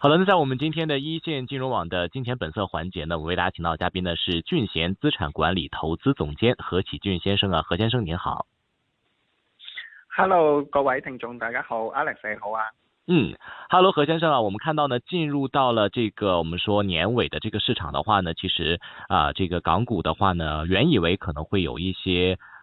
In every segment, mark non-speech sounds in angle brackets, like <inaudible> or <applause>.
好了，那在我們今天的一線金融網的金錢本色環節呢，我為大家請到的嘉賓呢是俊賢資產管理投資總監何啟俊先生啊，何先生您好。Hello，各位聽眾大家好，Alex 你好啊。嗯，Hello，何先生啊，我們看到呢進入到了這個我們說年尾的這個市場的話呢，其實啊，呃，這個港股的話呢，原以為可能會有一些。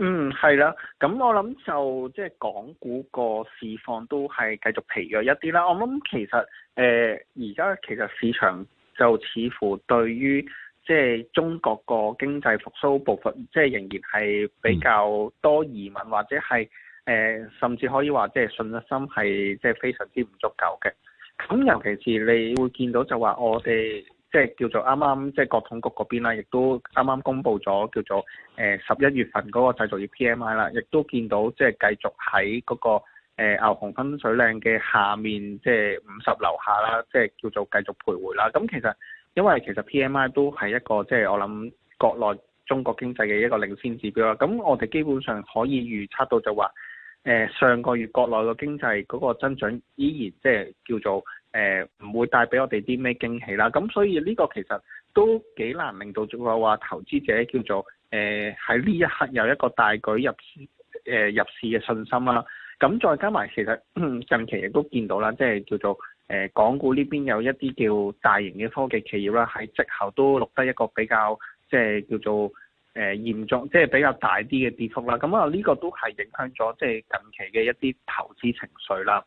嗯，係啦，咁我諗就即係港股個市況都係繼續疲弱一啲啦。我諗其實誒而家其實市場就似乎對於即係中國個經濟復甦步伐，即係仍然係比較多疑問，或者係誒、呃、甚至可以話即係信心係即係非常之唔足夠嘅。咁尤其是你會見到就話我哋。即係叫做啱啱即係國統局嗰邊啦，亦都啱啱公布咗叫做誒十一月份嗰個製造業 PMI 啦，亦都見到即係繼續喺嗰、那個誒牛、呃、熊分水嶺嘅下面，即係五十樓下啦，即、就、係、是、叫做繼續徘徊啦。咁其實因為其實 PMI 都係一個即係、就是、我諗國內中國經濟嘅一個領先指標啦。咁我哋基本上可以預測到就話誒、呃、上個月國內個經濟嗰個增長依然即係叫做。誒，唔、呃、會帶俾我哋啲咩驚喜啦，咁所以呢個其實都幾難令到仲有話投資者叫做誒喺呢一刻有一個大舉入市誒、呃、入市嘅信心啦。咁再加埋其實近期亦都見到啦，即係叫做誒、呃、港股呢邊有一啲叫大型嘅科技企業啦，喺績後都錄得一個比較即係叫做誒、呃、嚴重即係比較大啲嘅跌幅啦。咁啊呢個都係影響咗即係近期嘅一啲投資情緒啦。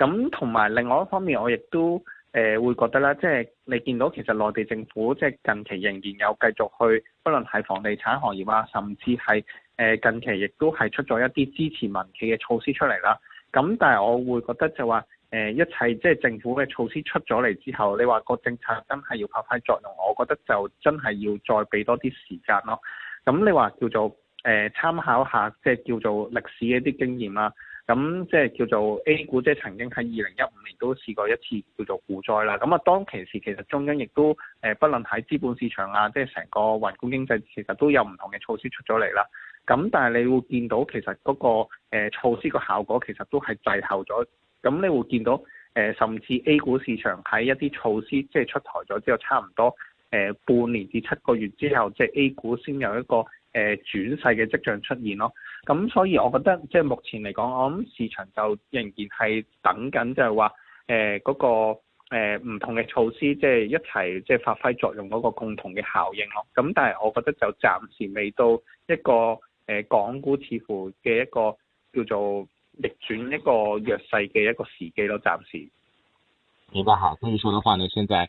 咁同埋另外一方面，我亦都誒、呃、會覺得啦，即係你見到其實內地政府即係近期仍然有繼續去，不論係房地產行業啊，甚至係誒、呃、近期亦都係出咗一啲支持民企嘅措施出嚟啦。咁但係我會覺得就話、是、誒、呃、一切即係政府嘅措施出咗嚟之後，你話個政策真係要發揮作用，我覺得就真係要再俾多啲時間咯。咁你話叫做誒、呃、參考下即係叫做歷史嘅一啲經驗啊。咁即係叫做 A 股，即係曾經喺二零一五年都試過一次叫做股災啦。咁啊，當其時其實中央亦都誒、呃，不論喺資本市場啊，即係成個宏觀經濟，其實都有唔同嘅措施出咗嚟啦。咁但係你會見到其實嗰、那個、呃、措施個效果其實都係滯後咗。咁你會見到誒、呃，甚至 A 股市場喺一啲措施即係出台咗之後，差唔多誒、呃、半年至七個月之後，即係 A 股先有一個誒、呃、轉勢嘅跡象出現咯。咁、嗯、所以，我覺得即係目前嚟講，我諗市場就仍然係等緊，就係話誒嗰個呃、唔同嘅措施，即係一齊即係發揮作用嗰個共同嘅效應咯。咁、嗯、但係我覺得就暫時未到一個誒、呃、港股似乎嘅一個叫做逆轉一個弱勢嘅一個時機咯，暫時。明白嚇，咁所以講嘅話咧，現在。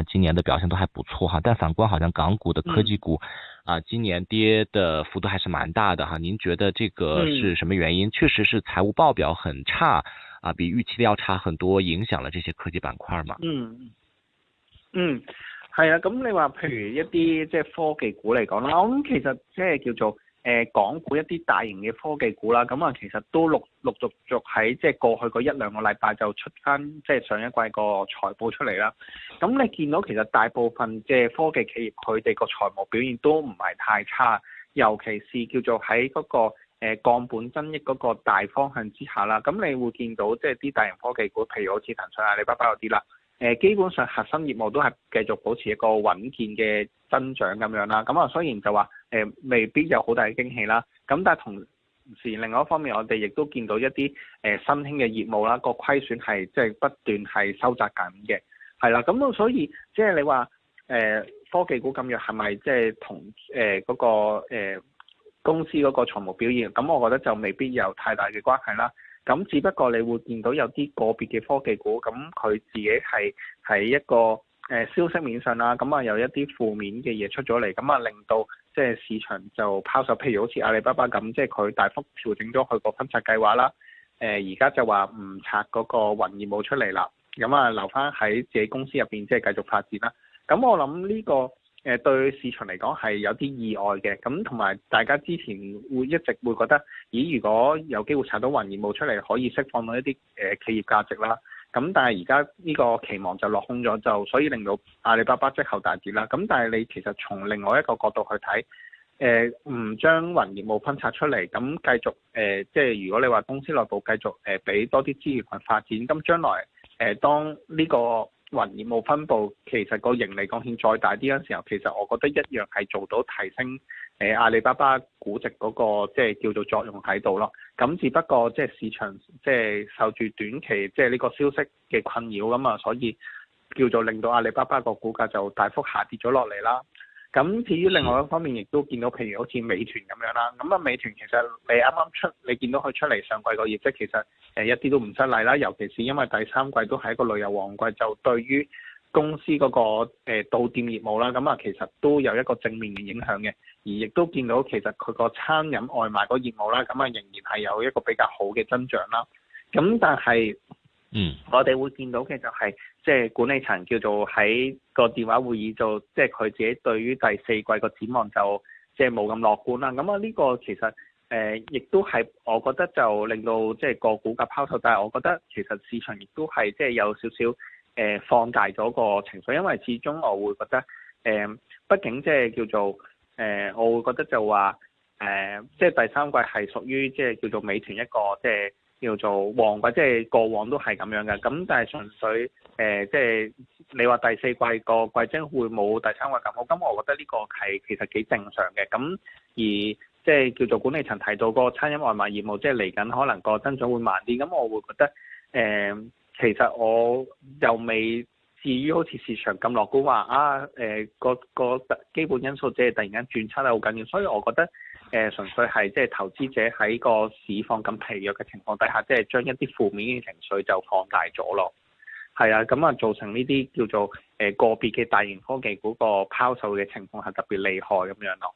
今年的表現都還不錯哈，但反觀好像港股的科技股、嗯、啊，今年跌的幅度還是蠻大的哈。您覺得這個是什麼原因？嗯、確實是財務報表很差啊，比預期的要差很多，影響了這些科技板塊嘛、嗯？嗯嗯，係啊，咁你話譬如一啲即係科技股嚟講啦，咁其實即係叫做。誒港股一啲大型嘅科技股啦，咁啊其實都陸陸續續喺即係過去嗰一兩個禮拜就出翻即係上一季個財報出嚟啦。咁你見到其實大部分即係科技企業，佢哋個財務表現都唔係太差，尤其是叫做喺嗰個誒降本增益嗰個大方向之下啦。咁你會見到即係啲大型科技股，譬如好似騰訊阿里巴巴嗰啲啦。誒基本上核心業務都係繼續保持一個穩健嘅增長咁樣啦，咁啊雖然就話誒、呃、未必有好大嘅驚喜啦，咁但係同時另外一方面我哋亦都見到一啲誒、呃、新興嘅業務啦，個虧損係即係不斷係收窄緊嘅，係啦，咁啊所以即係你話誒、呃、科技股咁樣係咪即係同誒嗰、呃嗰個、呃、公司嗰個財務表現？咁我覺得就未必有太大嘅關係啦。咁只不過你會見到有啲個別嘅科技股，咁佢自己係喺一個誒消息面上啦，咁啊有一啲負面嘅嘢出咗嚟，咁啊令到即係市場就拋售，譬如好似阿里巴巴咁，即係佢大幅調整咗佢個分拆計劃啦，誒而家就話唔拆嗰個雲業務出嚟啦，咁啊留翻喺自己公司入邊，即係繼續發展啦。咁我諗呢個，誒對市場嚟講係有啲意外嘅，咁同埋大家之前會一直會覺得，咦？如果有機會拆到雲業務出嚟，可以釋放到一啲誒、呃、企業價值啦。咁但係而家呢個期望就落空咗，就所以令到阿里巴巴即後大跌啦。咁但係你其實從另外一個角度去睇，誒唔將雲業務分拆出嚟，咁繼續誒、呃、即係如果你話公司內部繼續誒俾、呃、多啲資源去發展，咁將來誒、呃、當呢、這個。雲業務分佈其實個盈利貢獻再大啲嗰陣時候，其實我覺得一樣係做到提升誒、呃、阿里巴巴估值嗰、那個即係、就是、叫做作用喺度咯。咁只不過即係市場即係、就是、受住短期即係呢個消息嘅困擾咁啊，所以叫做令到阿里巴巴個股價就大幅下跌咗落嚟啦。咁至於另外一方面，亦都見到，譬如好似美團咁樣啦，咁啊美團其實你啱啱出，你見到佢出嚟上季個業績，其實誒一啲都唔失禮啦。尤其是因為第三季都係一個旅遊旺季，就對於公司嗰個到店業務啦，咁啊其實都有一個正面嘅影響嘅。而亦都見到其實佢個餐飲外賣嗰業務啦，咁啊仍然係有一個比較好嘅增長啦。咁但係，嗯，我哋會見到嘅就係、是。即係管理層叫做喺個電話會議度，即係佢自己對於第四季個展望就即係冇咁樂觀啦。咁啊呢個其實誒、呃、亦都係我覺得就令到即係、這個股價拋售，但係我覺得其實市場亦都係即係有少少誒、呃、放大咗個情緒，因為始終我會覺得誒，畢、呃、竟即、就、係、是、叫做誒、呃，我會覺得就話誒，即、呃、係、就是、第三季係屬於即係叫做美團一個即係。就是叫做旺季，即係過往都係咁樣嘅。咁但係純粹誒、呃，即係你話第四季個季節會冇第三季咁好。咁、嗯、我覺得呢個係其實幾正常嘅。咁、嗯、而即係叫做管理層提到個餐飲外賣業務，即係嚟緊可能個增長會慢啲。咁、嗯、我會覺得誒、呃，其實我又未至於好似市場咁樂觀話啊誒、呃、個個基本因素即係突然間轉差得好緊要。所以我覺得。誒、呃、純粹係即係投資者喺個市況咁疲弱嘅情況底下，即係將一啲負面嘅情緒就放大咗咯。係啊，咁啊造成呢啲叫做誒、呃、個別嘅大型科技股個拋售嘅情況係特別厲害咁樣咯。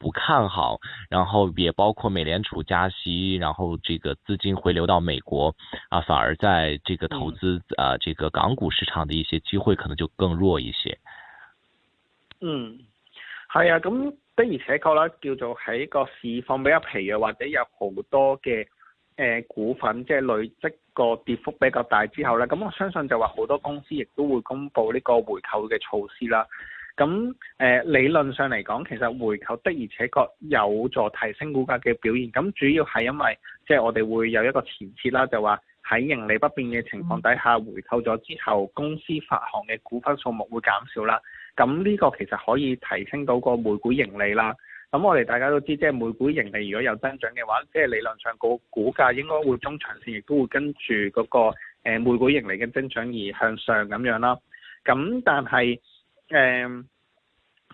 不看好，然後也包括美聯儲加息，然後這個資金回流到美國，啊，反而在這個投資啊、嗯呃，這個港股市場的一些機會可能就更弱一些。嗯，係啊，咁的而且確啦，叫做喺個市況比較疲弱，或者有好多嘅誒、呃、股份即係累積個跌幅比較大之後呢。咁我相信就話好多公司亦都會公布呢個回購嘅措施啦。咁誒理論上嚟講，其實回購的而且確有助提升股價嘅表現。咁主要係因為即係我哋會有一個前設啦，就話喺盈利不變嘅情況底下，回購咗之後，公司發行嘅股份數目會減少啦。咁呢個其實可以提升到個每股盈利啦。咁我哋大家都知，即係每股盈利如果有增長嘅話，即係理論上個股價應該會中長線亦都會跟住嗰個誒每股盈利嘅增長而向上咁樣啦。咁但係。誒、嗯，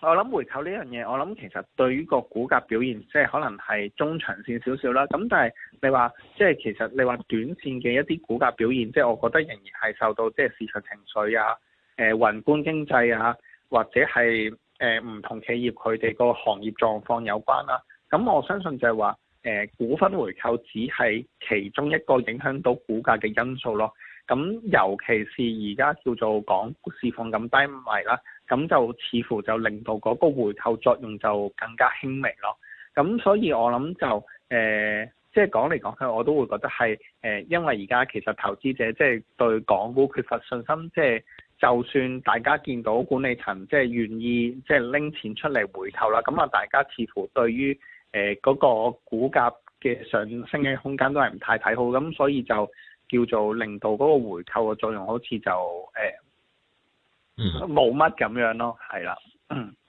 我諗回購呢樣嘢，我諗其實對於個股價表現，即係可能係中長線少少啦。咁但係你話，即係其實你話短線嘅一啲股價表現，即係我覺得仍然係受到即係市場情緒啊、誒、呃，宏觀經濟啊，或者係誒唔同企業佢哋個行業狀況有關啦、啊。咁我相信就係話，誒、呃、股份回購只係其中一個影響到股價嘅因素咯。咁尤其是而家叫做港股市況咁低迷啦。咁就似乎就令到嗰個回購作用就更加輕微咯。咁所以我諗就誒，即係講嚟講去，我都會覺得係誒、呃，因為而家其實投資者即係對港股缺乏信心，即係就算大家見到管理層即係願意即係拎錢出嚟回購啦，咁啊大家似乎對於誒嗰個股價嘅上升嘅空間都係唔太睇好，咁所以就叫做令到嗰個回購嘅作用好似就誒，呃冇乜咁樣咯，係啦。 <coughs>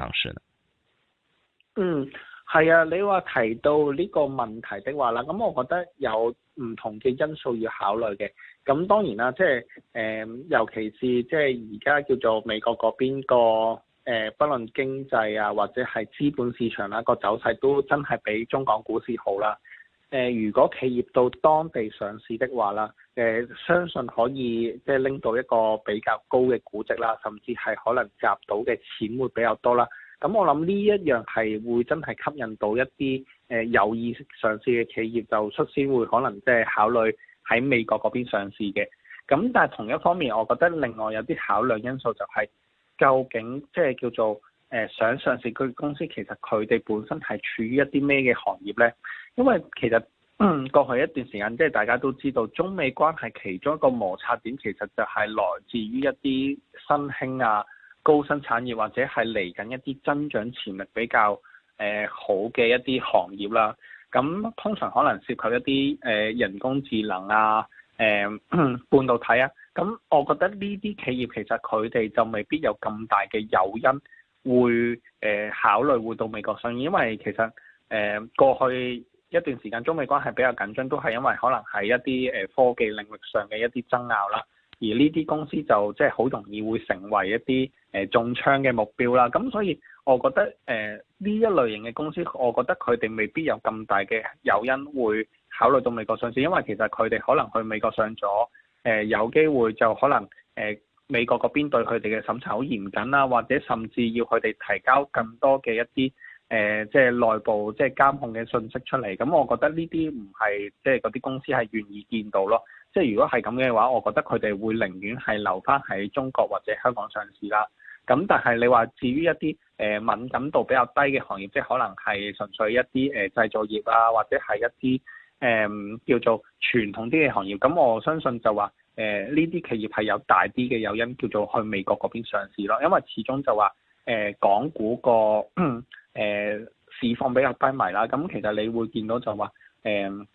當時嗯，係啊，你話提到呢個問題的話啦，咁、嗯、我覺得有唔同嘅因素要考慮嘅。咁、嗯、當然啦，即係誒、呃，尤其是即係而家叫做美國嗰邊個誒、呃，不論經濟啊或者係資本市場啦、啊、個走勢，都真係比中港股市好啦、啊。誒、呃，如果企業到當地上市的話啦，誒、呃，相信可以即係拎到一個比較高嘅估值啦，甚至係可能夾到嘅錢會比較多啦。咁、嗯、我諗呢一樣係會真係吸引到一啲誒、呃、有意上市嘅企業，就率先會可能即係考慮喺美國嗰邊上市嘅。咁、嗯、但係同一方面，我覺得另外有啲考量因素就係、是、究竟即係叫做。誒想、呃、上，上市嘅公司，其實佢哋本身係處於一啲咩嘅行業呢？因為其實過去一段時間，即係大家都知道，中美關係其中一個摩擦點，其實就係來自於一啲新興啊、高新產業或者係嚟緊一啲增長潛力比較誒、呃、好嘅一啲行業啦。咁通常可能涉及一啲誒、呃、人工智能啊、誒、呃、半導體啊。咁我覺得呢啲企業其實佢哋就未必有咁大嘅誘因。會誒、呃、考慮會到美國上市，因為其實誒、呃、過去一段時間中美關係比較緊張，都係因為可能係一啲誒科技領域上嘅一啲爭拗啦，而呢啲公司就即係好容易會成為一啲誒、呃、中槍嘅目標啦，咁所以我覺得誒呢、呃、一類型嘅公司，我覺得佢哋未必有咁大嘅誘因會考慮到美國上市，因為其實佢哋可能去美國上咗誒、呃、有機會就可能誒。呃美國嗰邊對佢哋嘅審查好嚴謹啦，或者甚至要佢哋提交更多嘅一啲誒、呃，即係內部即係監控嘅訊息出嚟。咁我覺得呢啲唔係即係嗰啲公司係願意見到咯。即係如果係咁嘅話，我覺得佢哋會寧願係留返喺中國或者香港上市啦。咁但係你話至於一啲誒、呃、敏感度比較低嘅行業，即係可能係純粹一啲誒、呃、製造業啊，或者係一啲誒、呃、叫做傳統啲嘅行業。咁我相信就話，誒呢啲企業係有大啲嘅誘因，叫做去美國嗰邊上市咯，因為始終就話誒、呃、港股個誒、呃、市況比較低迷啦，咁、嗯、其實你會見到就話誒、呃，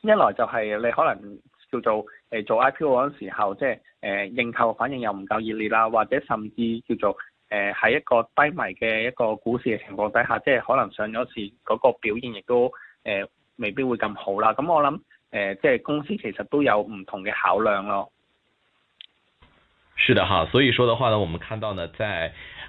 一來就係你可能叫做誒、呃、做 IPO 嗰陣時候，即係誒認購反應又唔夠熱烈啦，或者甚至叫做誒喺、呃、一個低迷嘅一個股市嘅情況底下，即係可能上咗市嗰、那個表現亦都誒、呃、未必會咁好啦，咁我諗。嗯嗯嗯嗯誒、呃，即係公司其實都有唔同嘅考量咯。是的哈，所以說的話咧，我們看到呢，在。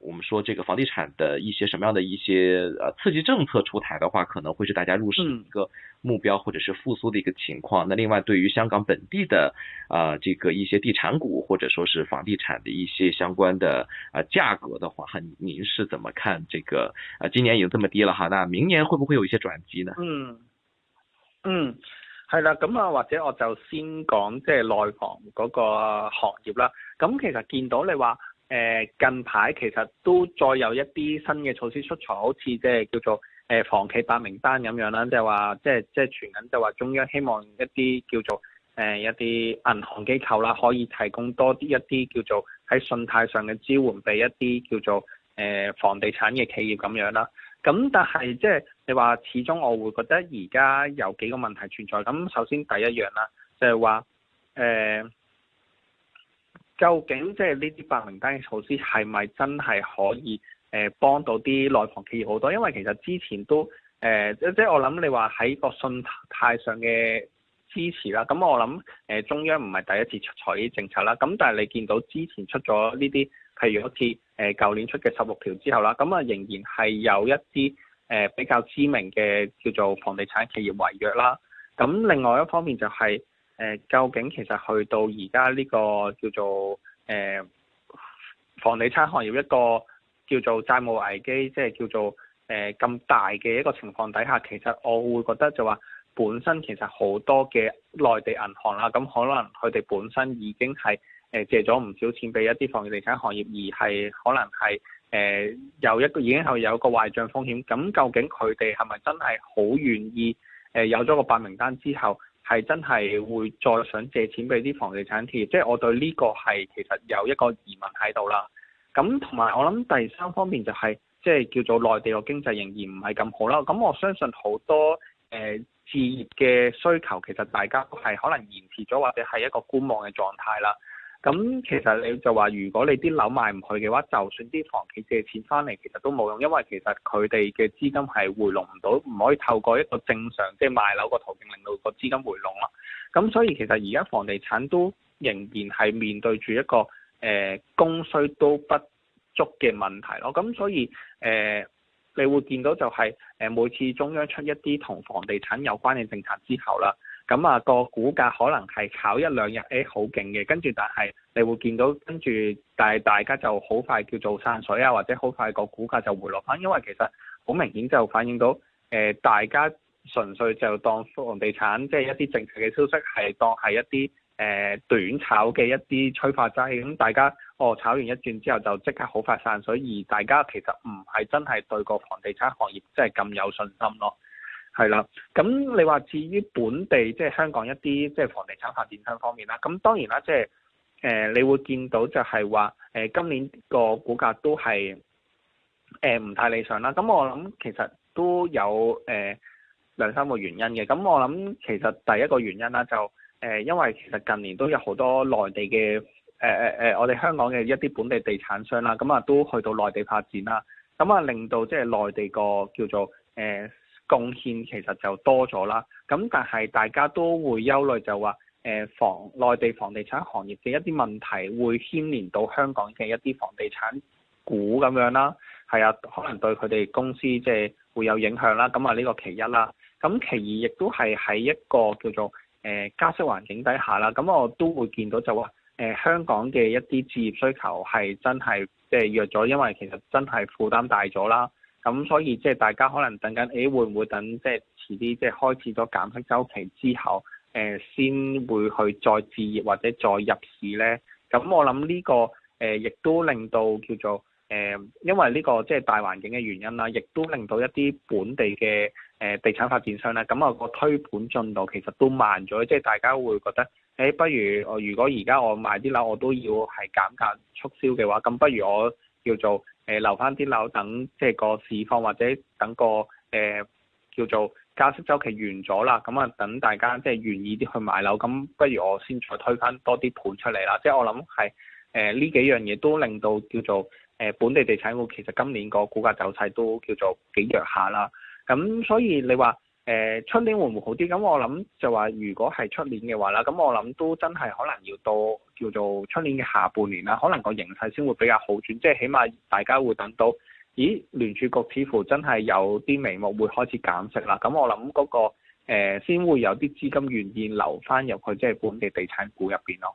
我們說這個房地產的一些什麼樣的一些呃刺激政策出台的話，可能會是大家入市的一個目標，或者是復甦的一個情況。嗯、那另外，對於香港本地的啊、呃、這個一些地產股，或者說是房地產的一些相關的啊價格的話，哈，您是怎麼看這個啊？今年已經這麼低了哈，那明年會不會有一些轉機呢？嗯嗯，係、嗯、啦，咁啊，那或者我就先講即係內房嗰個行業啦。咁其實見到你話。誒近排其實都再有一啲新嘅措施出台，好似即係叫做誒房企白名單咁樣啦，即係話即係即係傳緊，就話、是就是就是、中央希望一啲叫做誒、呃、一啲銀行機構啦，可以提供多啲一啲叫做喺信貸上嘅支援俾一啲叫做誒、呃、房地產嘅企業咁樣啦。咁但係即係你話，始終我會覺得而家有幾個問題存在。咁首先第一樣啦、就係，即係話誒。究竟即係呢啲白名單嘅措施係咪真係可以誒幫、呃、到啲內房企業好多？因為其實之前都誒即、呃、即我諗你話喺個信貸上嘅支持啦，咁我諗誒、呃、中央唔係第一次出台呢啲政策啦，咁但係你見到之前出咗呢啲，譬如好似誒舊年出嘅十六條之後啦，咁啊仍然係有一啲誒、呃、比較知名嘅叫做房地產企業違約啦。咁另外一方面就係、是。誒，究竟其實去到而家呢個叫做誒、呃、房地產行業一個叫做債務危機，即係叫做誒咁、呃、大嘅一個情況底下，其實我會覺得就話本身其實好多嘅內地銀行啦，咁可能佢哋本身已經係誒、呃、借咗唔少錢俾一啲房地產行業，而係可能係誒、呃、有一個已經係有一個壞帳風險。咁究竟佢哋係咪真係好願意誒、呃、有咗個白名單之後，係真係會再想借錢俾啲房地產企業，即係我對呢個係其實有一個疑問喺度啦。咁同埋我諗第三方面就係，即係叫做內地個經濟仍然唔係咁好啦。咁我相信好多誒置業嘅需求其實大家都係可能延遲咗，或者係一個觀望嘅狀態啦。咁其實你就話，如果你啲樓賣唔去嘅話，就算啲房企借錢翻嚟，其實都冇用，因為其實佢哋嘅資金係回籠唔到，唔可以透過一個正常即係賣樓個途徑令到個資金回籠啦。咁所以其實而家房地產都仍然係面對住一個誒、呃、供需都不足嘅問題咯。咁所以誒、呃，你會見到就係、是、誒、呃、每次中央出一啲同房地產有關嘅政策之後啦。咁啊，個股價可能係炒一兩日，誒好勁嘅，跟住但係你會見到，跟住但係大家就好快叫做散水啊，或者好快個股價就回落翻，因為其實好明顯就反映到，誒、呃、大家純粹就當房地產即係、就是、一啲政策嘅消息係當係一啲誒、呃、短炒嘅一啲催化劑，咁大家哦炒完一轉之後就即刻好快散水，而大家其實唔係真係對個房地產行業即係咁有信心咯。係啦，咁你話至於本地即係香港一啲即係房地產發展商方面啦，咁當然啦，即係誒，你會見到就係話誒，今年個股價都係誒唔太理想啦。咁我諗其實都有誒兩、呃、三個原因嘅。咁我諗其實第一個原因啦、就係，就、呃、誒，因為其實近年都有好多內地嘅誒誒誒，我哋香港嘅一啲本地地產商啦，咁啊都去到內地發展啦，咁啊令到即係內地個叫做誒。呃貢獻其實就多咗啦，咁但係大家都會憂慮就話，誒、呃、房內地房地產行業嘅一啲問題會牽連到香港嘅一啲房地產股咁樣啦，係啊，可能對佢哋公司即係會有影響啦，咁啊呢個其一啦，咁其二亦都係喺一個叫做誒、呃、加息環境底下啦，咁我都會見到就話，誒、呃、香港嘅一啲置業需求係真係即係弱咗，因為其實真係負擔大咗啦。咁所以即係大家可能等緊，誒、欸、會唔會等即、就、係、是、遲啲即係開始咗減息周期之後，誒、呃、先會去再置業或者再入市呢？咁我諗呢、這個誒亦、呃、都令到叫做誒、呃，因為呢個即係大環境嘅原因啦，亦都令到一啲本地嘅誒、呃、地產發展商啦，咁啊個推盤進度其實都慢咗，即、就、係、是、大家會覺得，誒、欸、不如我如果而家我買啲樓，我都要係減價促銷嘅話，咁不如我叫做。誒留返啲樓等，即係個市況或者等個誒、呃、叫做加息周期完咗啦，咁啊等大家即係願意啲去買樓，咁不如我先再推返多啲盤出嚟啦。即係我諗係誒呢幾樣嘢都令到叫做誒、呃、本地地產股其實今年個股價走勢都叫做幾弱下啦。咁、嗯、所以你話？誒、呃、春年會唔會好啲？咁我諗就話，如果係出年嘅話啦，咁我諗都真係可能要到叫做春年嘅下半年啦，可能個形勢先會比較好轉，即係起碼大家會等到，咦，聯儲局似乎真係有啲眉目會開始減息啦，咁我諗嗰、那個、呃、先會有啲資金願意留翻入去，即係本地地產股入邊咯。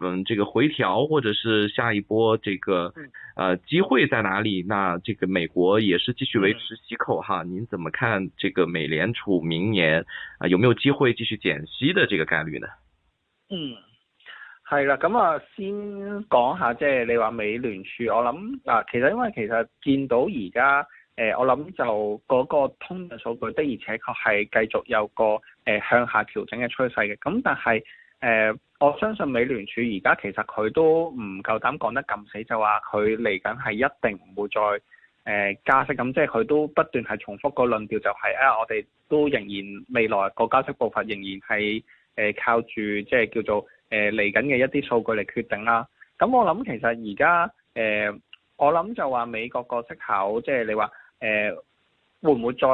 嗯，這個回調或者是下一波這個，嗯、呃，機會在哪裏？那這個美國也是繼續維持息口。嗯、哈，您怎麼看這個美聯儲明年啊、呃、有沒有機會繼續減息的這個概率呢？嗯，係啦，咁、嗯、啊、嗯、先講下即係、就是、你話美聯儲，我諗嗱，其實因為其實見到而家，誒、呃，我諗就嗰個通脹數據的而且確係繼續有個誒向下調整嘅趨勢嘅，咁但係，誒、呃，我相信美聯儲而家其實佢都唔夠膽講得咁死，就話佢嚟緊係一定唔會再誒、呃、加息咁，即係佢都不斷係重複個論調，就係，就係啊，我哋都仍然未來個加息步伐仍然係誒、呃、靠住即係叫做誒嚟緊嘅一啲數據嚟決定啦。咁、啊、我諗其實而家誒，我諗就話美國個息口即係你話誒。呃會唔會再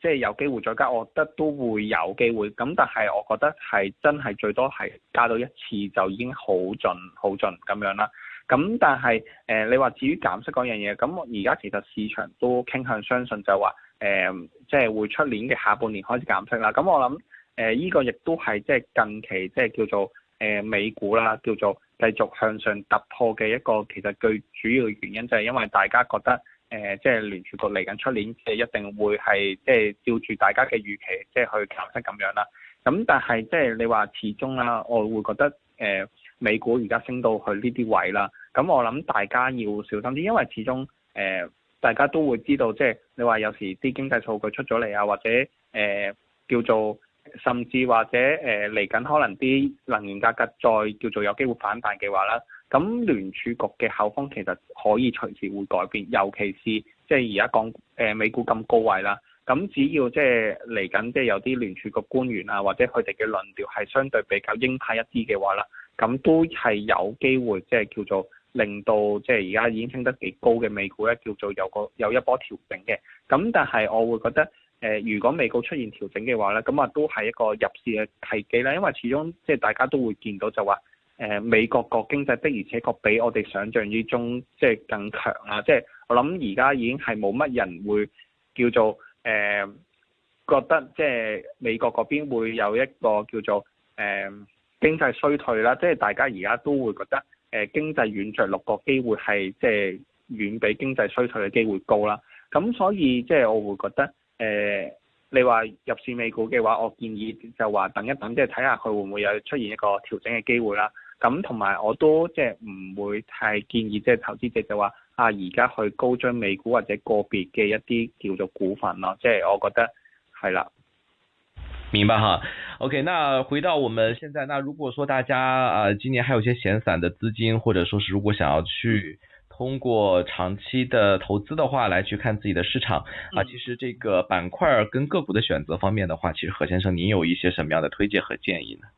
即係有機會再加？我覺得都會有機會。咁但係我覺得係真係最多係加到一次就已經好盡好盡咁樣啦。咁但係誒、呃，你話至於減息嗰樣嘢，咁我而家其實市場都傾向相信就話誒、呃，即係會出年嘅下半年開始減息啦。咁、嗯、我諗誒，呢、呃這個亦都係即係近期即係叫做誒、呃、美股啦，叫做繼續向上突破嘅一個其實最主要嘅原因就係因為大家覺得。誒、呃，即係聯儲局嚟緊出年，即係一定會係即係照住大家嘅預期，即係去減息咁樣啦。咁但係即係你話始終啦，我會覺得誒、呃，美股而家升到去呢啲位啦。咁我諗大家要小心啲，因為始終誒、呃，大家都會知道，即係你話有時啲經濟數據出咗嚟啊，或者誒、呃、叫做，甚至或者誒嚟緊可能啲能源價格再叫做有機會反彈嘅話啦。咁聯儲局嘅口風其實可以隨時會改變，尤其是即係而家講誒美股咁高位啦。咁只要即係嚟緊即係有啲聯儲局官員啊，或者佢哋嘅論調係相對比較鷹派一啲嘅話啦，咁都係有機會即係叫做令到即係而家已經升得幾高嘅美股咧，叫做有個有一波調整嘅。咁但係我會覺得誒、呃，如果美股出現調整嘅話咧，咁啊都係一個入市嘅契機啦，因為始終即係大家都會見到就話。誒、呃、美國個經濟的，而且確比我哋想象之中即係更強啦。即係我諗而家已經係冇乜人會叫做誒、呃、覺得即係美國嗰邊會有一個叫做誒、呃、經濟衰退啦。即係大家而家都會覺得誒、呃、經濟軟着陸個機會係即係遠比經濟衰退嘅機會高啦。咁所以即係我會覺得誒、呃你話入市美股嘅話，我建議就話等一等，即係睇下佢會唔會有出現一個調整嘅機會啦。咁同埋我都即係唔會太建議即係投資者就話啊，而家去高追美股或者個別嘅一啲叫做股份咯。即係我覺得係啦。明白哈。OK，那回到我們現在，那如果說大家啊、呃、今年還有些閒散嘅資金，或者說是如果想要去，通過長期的投資的話，來去看自己的市場啊，其實這個板塊跟個股的選擇方面的話，其實何先生，你有一些什麼樣的推薦和建議呢？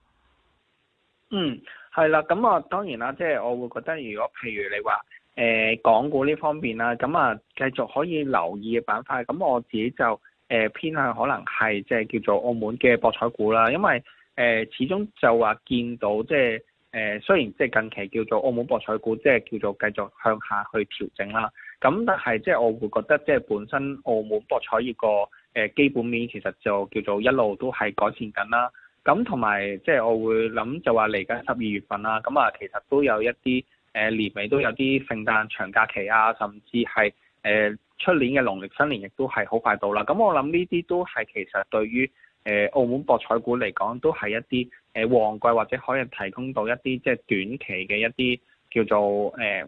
嗯，係啦，咁啊，當然啦，即係我會覺得，如果譬如你話誒、呃、港股呢方面啦，咁啊繼續可以留意嘅板塊，咁我自己就誒、呃、偏向可能係即係叫做澳門嘅博彩股啦，因為誒、呃、始終就話見到即係。誒雖然即係近期叫做澳門博彩股，即係叫做繼續向下去調整啦。咁但係即係我會覺得，即係本身澳門博彩業個誒基本面其實就叫做一路都係改善緊啦。咁同埋即係我會諗就話嚟緊十二月份啦。咁啊，其實都有一啲誒年尾都有啲聖誕長假期啊，甚至係誒出年嘅農曆新年亦都係好快到啦。咁我諗呢啲都係其實對於。誒澳門博彩股嚟講，都係一啲誒旺季或者可以提供到一啲即係短期嘅一啲叫做誒、欸、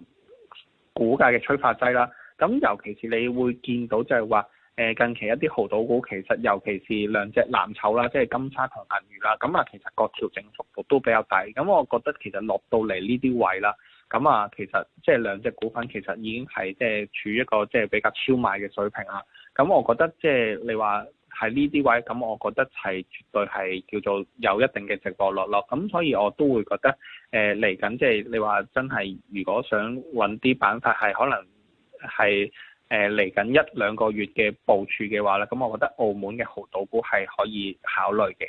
股價嘅催化劑啦。咁尤其是你會見到就係話，誒、欸、近期一啲濠賭股，其實尤其是兩隻藍籌啦，即係金沙同銀娛啦。咁啊，其實個調整幅度都比較大。咁我覺得其實落到嚟呢啲位啦，咁啊其實即係兩隻股份其實已經係即係處於一個即係比較超賣嘅水平啦。咁我覺得即係你話。係呢啲位，咁我覺得係絕對係叫做有一定嘅值博率。咁所以我都會覺得，誒嚟緊即係你話真係，如果想揾啲板塊係可能係誒嚟緊一兩個月嘅部署嘅話咧，咁我覺得澳門嘅濠賭股係可以考慮嘅。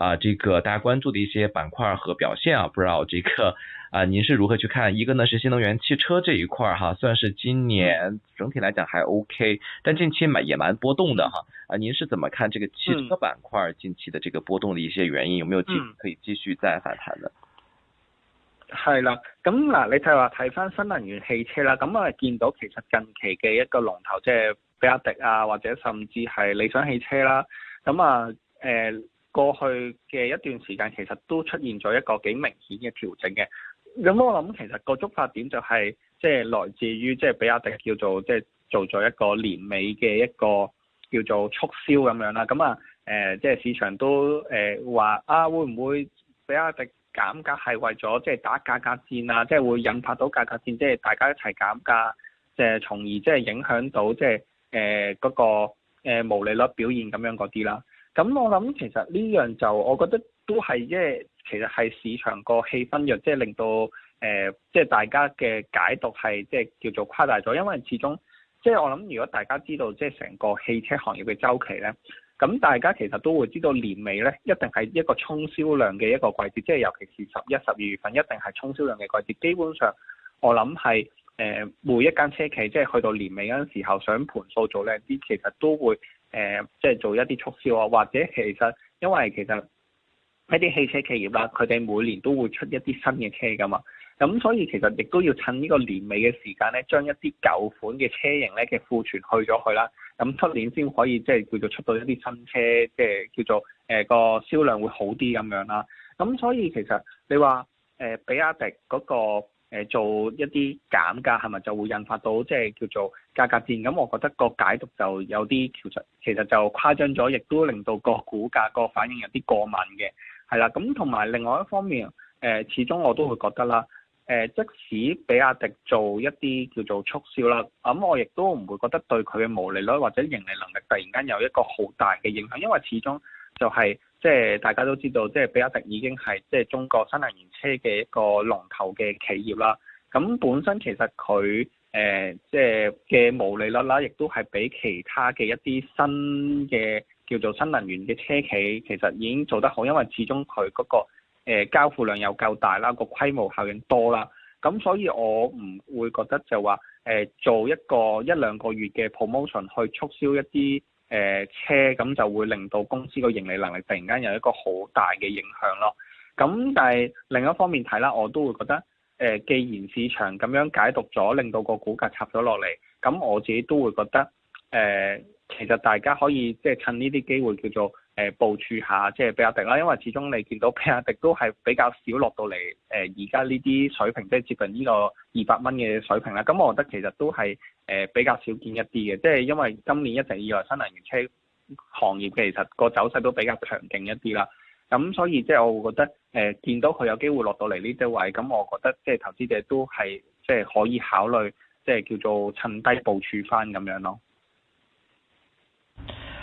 啊，這個大家關注的一些板塊和表現啊，不知道這個啊，您是如何去看？一個呢是新能源汽車這一塊、啊，哈，算是今年整體來講還 OK，但近期蠻也蠻波動的、啊，哈，啊，您是怎麼看這個汽車板塊近期的這個波動的一些原因？嗯、有沒有繼可以繼續再反彈呢？係、嗯嗯、啦，咁嗱，你就話睇翻新能源汽車啦，咁我哋見到其實近期嘅一個龍頭，即係比亞迪啊，或者甚至係理想汽車啦，咁啊，誒、呃。呃過去嘅一段時間其實都出現咗一個幾明顯嘅調整嘅，咁我諗其實個觸發點就係、是、即係來自於即係比亞迪叫做即係做咗一個年尾嘅一個叫做促銷咁樣啦，咁啊誒即係市場都誒話、呃、啊會唔會比亞迪減價係為咗即係打價格戰啊，即係會引發到價格戰，即係大家一齊減價，即係從而即係影響到即係誒嗰個毛、呃、利率表現咁樣嗰啲啦。咁我諗其實呢樣就，我覺得都係即係其實係市場個氣氛弱，即係令到誒即係大家嘅解讀係即係叫做誇大咗，因為始終即係我諗，如果大家知道即係成個汽車行業嘅周期咧，咁大家其實都會知道年尾咧一定係一個衝銷量嘅一個季節，即係尤其是十一、十二月份一定係衝銷量嘅季節。基本上我諗係誒每一間車企即係去到年尾嗰陣時候，想盤數做靚啲，其實都會。誒、呃，即係做一啲促銷啊，或者其實因為其實一啲汽車企業啦，佢哋每年都會出一啲新嘅車噶嘛，咁、嗯、所以其實亦都要趁呢個年尾嘅時間咧，將一啲舊款嘅車型咧嘅庫存去咗佢啦，咁、嗯、出年先可以即係叫做出到一啲新車，即係叫做誒個銷量會好啲咁樣啦。咁、嗯、所以其實你話誒、呃，比亞迪嗰、那個。誒做一啲減價係咪就會引發到即係叫做價格戰？咁我覺得個解讀就有啲其實其實就誇張咗，亦都令到個股價、個反應有啲過敏嘅，係啦。咁同埋另外一方面，誒、呃、始終我都會覺得啦，誒、呃、即使比亞迪做一啲叫做促銷啦，咁、嗯、我亦都唔會覺得對佢嘅毛利率或者盈利能力突然間有一個好大嘅影響，因為始終就係、是。即係大家都知道，即係比亞迪已經係即係中國新能源車嘅一個龍頭嘅企業啦。咁本身其實佢誒、呃、即係嘅毛利率啦，亦都係比其他嘅一啲新嘅叫做新能源嘅車企，其實已經做得好，因為始終佢嗰個交付量又夠大啦，個規模效應多啦。咁所以我唔會覺得就話誒做一個一兩個月嘅 promotion 去促銷一啲。誒、呃、車咁就會令到公司個盈利能力突然間有一個好大嘅影響咯。咁但係另一方面睇啦，我都會覺得誒、呃，既然市場咁樣解讀咗，令到個股價插咗落嚟，咁我自己都會覺得誒、呃，其實大家可以即係、即係、趁呢啲機會叫做。誒部署下，即、就、係、是、比亞迪啦，因為始終你見到比亞迪都係比較少落到嚟誒而家呢啲水平，即係接近呢個二百蚊嘅水平啦。咁我覺得其實都係誒、呃、比較少見一啲嘅，即係因為今年一直以來新能源車行業其實個走勢都比較強勁一啲啦。咁所以即係我會覺得誒見到佢有機會落到嚟呢啲位，咁我覺得、呃、我覺得即係投資者都係即係可以考慮即係叫做趁低部署翻咁樣咯。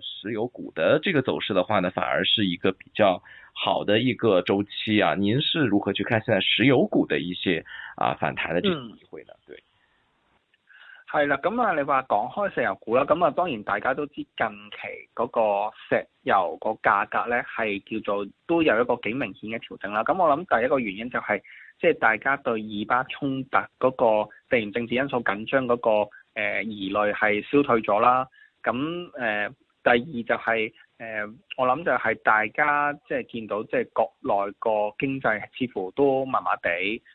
石油、嗯、股的這個走勢的話呢，反而是一個比較好的一個周期啊。您是如何去看現在石油股的一些啊反彈的機會呢？嗯、對。係啦，咁啊，你話講開石油股啦，咁啊，當然大家都知近期嗰個石油個價格呢，係叫做都有一個幾明顯嘅調整啦。咁我諗第一個原因就係即係大家對以巴衝突嗰個地緣政治因素緊張嗰、嗰個誒疑慮係消退咗啦。咁誒。呃第二就係、是、誒、呃，我諗就係大家即係見到，即係國內個經濟似乎都麻麻地，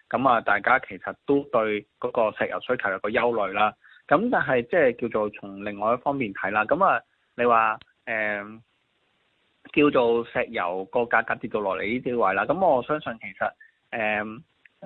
咁、嗯、啊，大家其實都對嗰個石油需求有個憂慮啦。咁、嗯、但係即係叫做從另外一方面睇啦，咁、嗯、啊，你話誒、嗯、叫做石油個價格跌到落嚟呢啲位啦，咁、嗯、我相信其實誒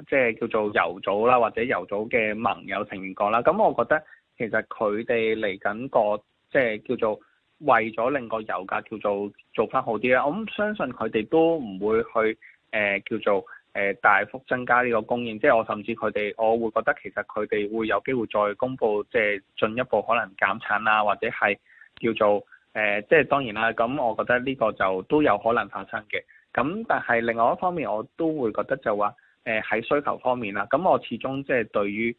即係叫做油組啦，或者油組嘅盟友成員國啦，咁、嗯、我覺得其實佢哋嚟緊個即係叫做。為咗令個油價做、呃、叫做做翻好啲啦，我咁相信佢哋都唔會去誒叫做誒大幅增加呢個供應，即係我甚至佢哋，我會覺得其實佢哋會有機會再公布即係進一步可能減產啊，或者係叫做誒、呃、即係當然啦，咁我覺得呢個就都有可能發生嘅。咁但係另外一方面，我都會覺得就話誒喺需求方面啦，咁我始終即係對於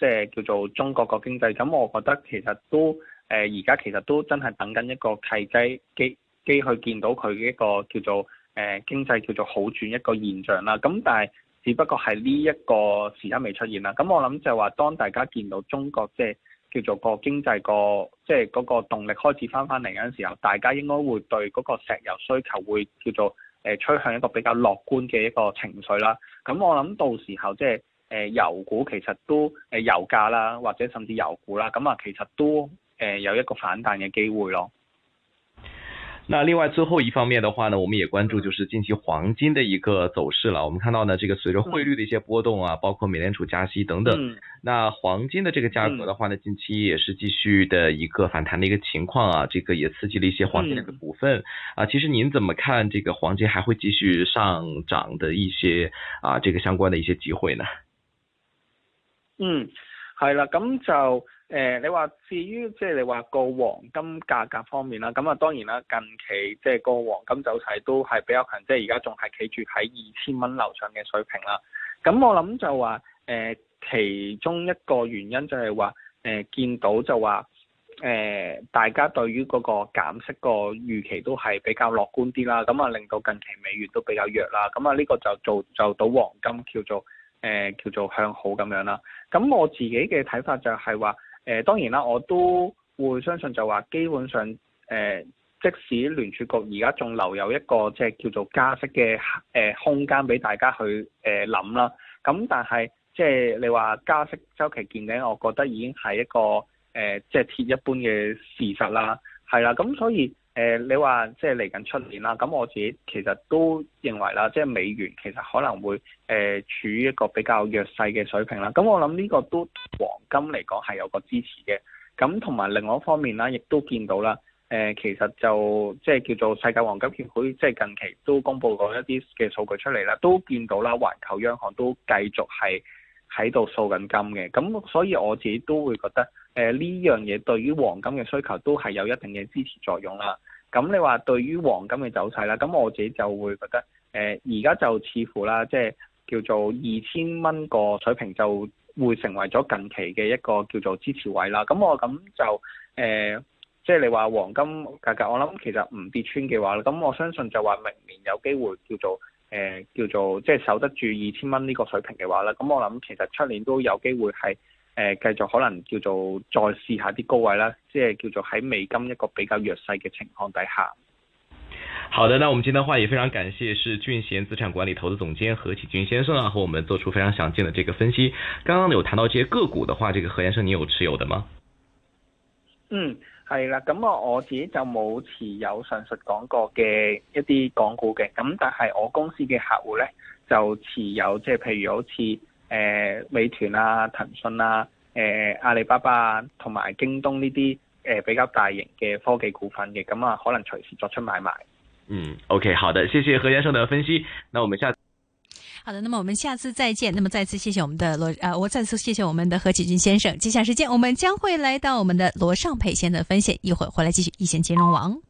即係、就是、叫做中國個經濟，咁我覺得其實都。誒而家其實都真係等緊一個契機機機去見到佢嘅一個叫做誒、呃、經濟叫做好轉一個現象啦。咁、啊、但係只不過係呢一個時間未出現啦。咁、啊嗯、我諗就係話當大家見到中國即係、就是、叫做個經濟個即係嗰個動力開始翻翻嚟嗰陣時候，大家應該會對嗰個石油需求會叫做誒趨、呃、向一個比較樂觀嘅一個情緒啦。咁、啊嗯、我諗到時候即係誒油股其實都誒、呃、油價啦，或者甚至油股啦，咁、嗯、啊其實都～ <noise> 呃，有一個反彈嘅機會咯。那另外最後一方面的話呢，我們也關注就是近期黃金的一個走勢啦。我們看到呢，這個隨着匯率的一些波動啊，包括美聯儲加息等等，嗯嗯、那黃金的這個價格的話呢，近期也是繼續的一個反彈的一個情況啊。這個也刺激了一些黃金的股份啊。嗯、其實您怎麼看這個黃金還會繼續上漲的一些啊，這個相關的一些機會呢？嗯，係、嗯嗯、啦，咁就。誒、呃，你話至於即係你話個黃金價格方面啦，咁啊當然啦，近期即係個黃金走勢都係比較強，即係而家仲係企住喺二千蚊樓上嘅水平啦。咁我諗就話誒、呃，其中一個原因就係話誒見到就話誒、呃、大家對於嗰個減息個預期都係比較樂觀啲啦。咁啊令到近期美元都比較弱啦。咁啊呢個就做就到黃金叫做誒、呃、叫做向好咁樣啦。咁我自己嘅睇法就係話。誒當然啦，我都會相信就話基本上誒、呃，即使聯儲局而家仲留有一個即係叫做加息嘅誒、呃、空間俾大家去誒諗啦。咁、呃、但係即係你話加息週期見頂，我覺得已經係一個誒、呃、即係鐵一般嘅事實啦。係啦，咁所以。誒、呃，你話即係嚟緊出年啦，咁我自己其實都認為啦，即係美元其實可能會誒、呃、處於一個比較弱勢嘅水平啦。咁我諗呢個都同黃金嚟講係有個支持嘅。咁同埋另外一方面啦，亦都見到啦，誒、呃、其實就即係叫做世界黃金協會，即係近期都公布過一啲嘅數據出嚟啦，都見到啦，環球央行都繼續係喺度掃緊金嘅。咁所以我自己都會覺得。誒呢樣嘢對於黃金嘅需求都係有一定嘅支持作用啦。咁你話對於黃金嘅走勢啦，咁我自己就會覺得，誒而家就似乎啦，即係叫做二千蚊個水平就會成為咗近期嘅一個叫做支持位啦。咁我咁就誒、呃，即係你話黃金價格，我諗其實唔跌穿嘅話，咁我相信就話明年有機會叫做誒、呃、叫做即係守得住二千蚊呢個水平嘅話啦，咁我諗其實出年都有機會係。誒、呃，繼續可能叫做再試下啲高位啦，即係叫做喺美金一個比較弱勢嘅情況底下。好的，那我們今天嘅話也非常感謝是駿賢資產管理投資總監何啟俊先生啊，和我們做出非常詳盡嘅這個分析。剛剛呢有談到這些個股嘅話，這個何先生你有持有的嗎？嗯，係啦，咁啊我自己就冇持有上述講過嘅一啲港股嘅，咁但係我公司嘅客戶呢，就持有，即係譬如好似。誒、呃，美團啊，騰訊啊，誒、呃，阿里巴巴啊，同埋京東呢啲誒比較大型嘅科技股份嘅，咁啊，可能隨時作出買賣。嗯，OK，好的，謝謝何先生的分析。那我們下，好的，那麼我們下次再見。那麼再次謝謝我們的羅，啊、呃，我再次謝謝我們的何啟俊先生。接下時間，我們將會來到我們的羅尚佩先生嘅分析。一會兒回來繼續一線金融王。